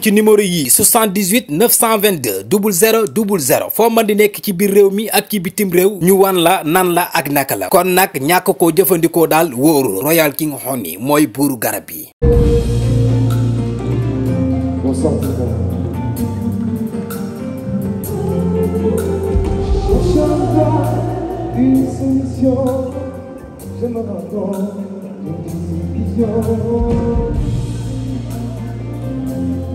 ci numéro yii 78 922 di nekk ci biir réew mi ak ci bitim réew ñu wan la nan la ak naka la kon nag ñàkk ko jëfandikoo daal wóoru Royal King Honey mooy buuru garab yi. Thank you.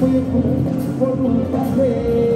fuego por un café.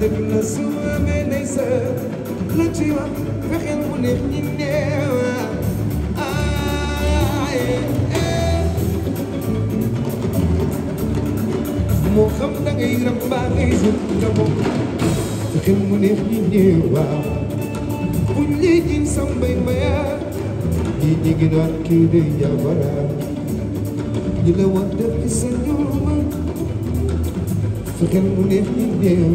def na suma benn sa lu ci wax fexeel mu neex ñi neewa ay ah, eh, eh. moo xam da ngay ram baa ngay sut nga moom fexeel mu neex ñi neewa buñ lee jiin sa mbay mbayaa ñi ñi ngi naan kii de yabara ñi la war def ci sa ñooma fexeel mu neex ñi neewa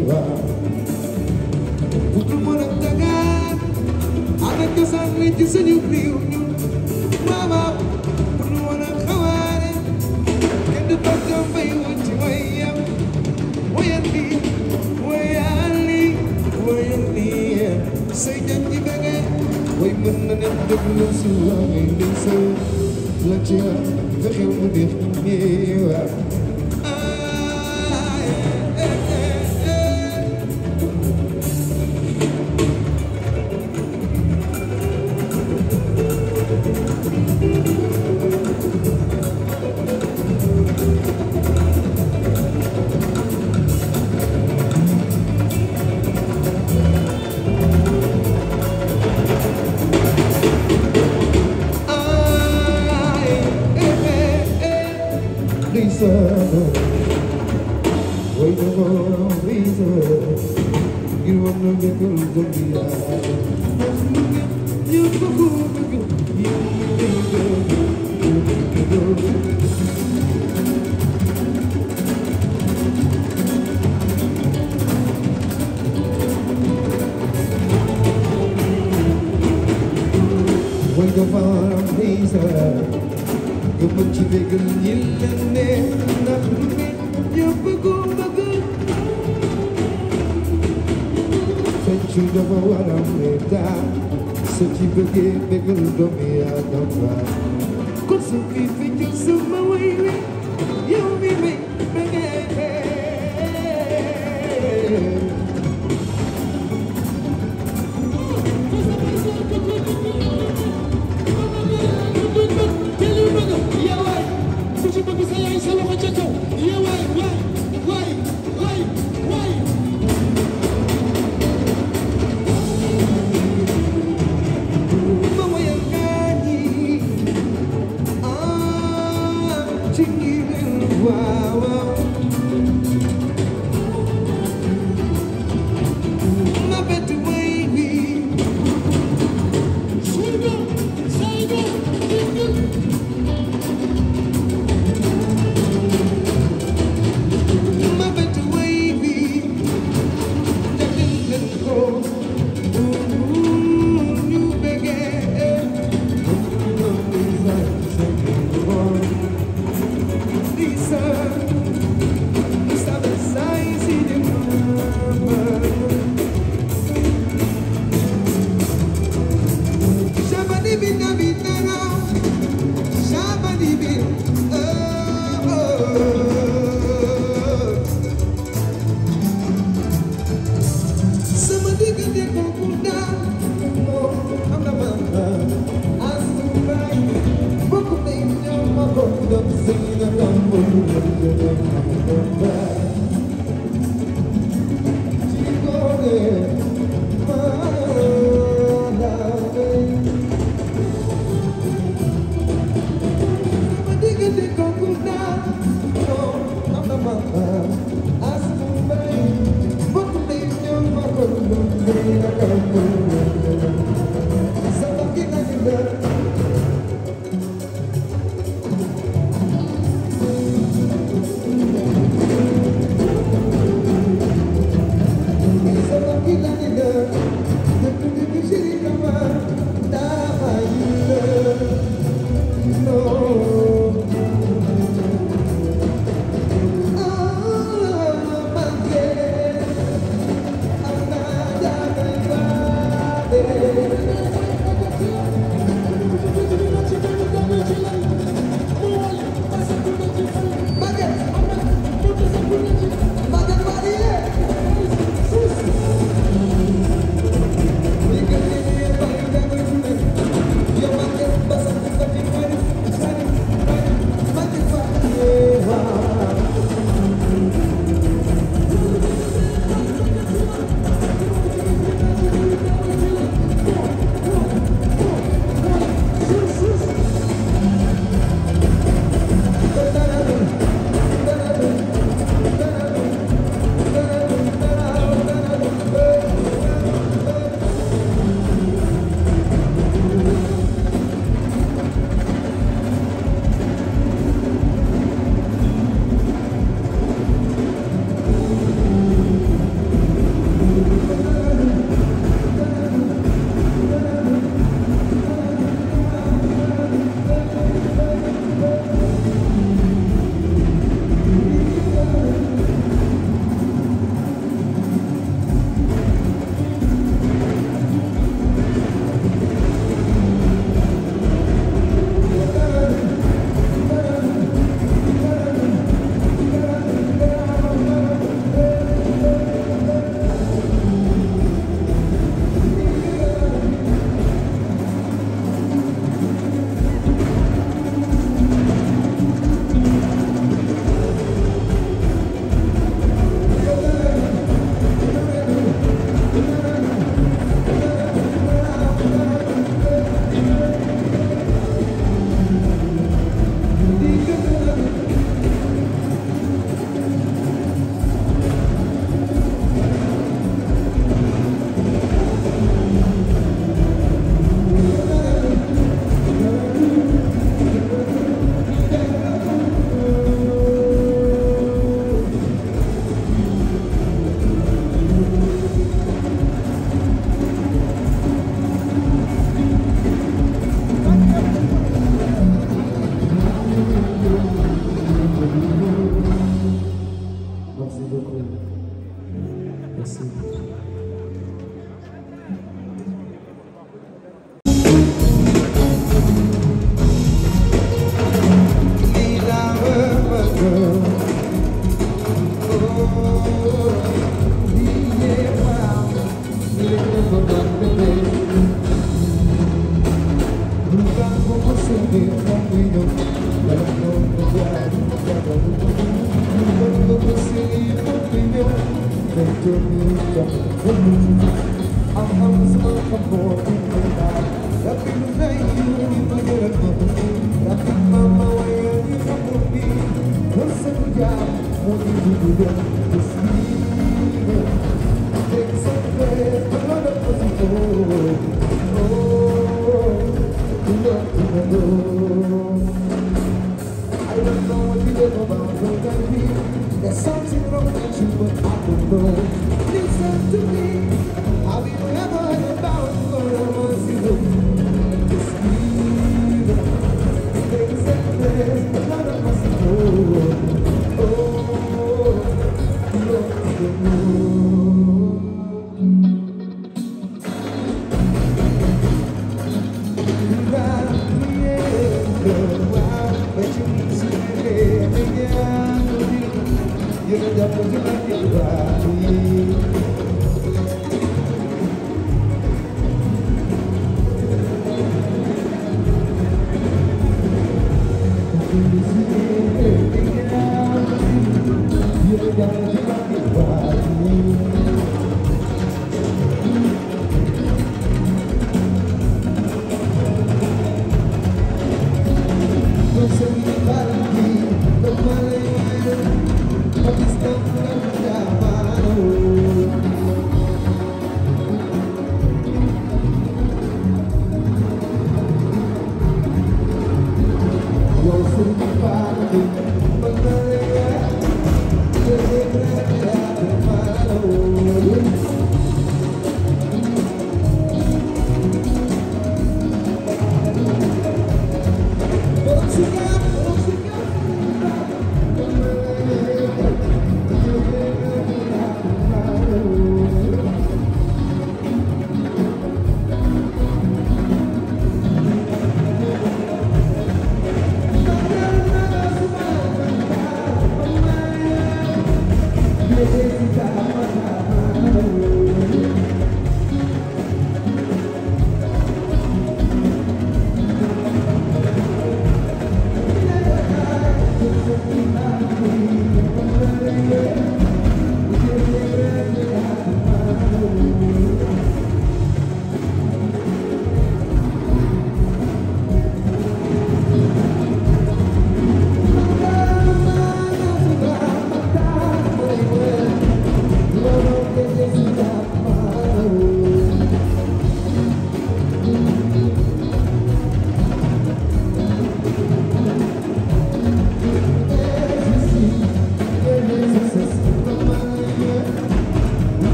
Thank you.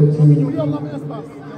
ci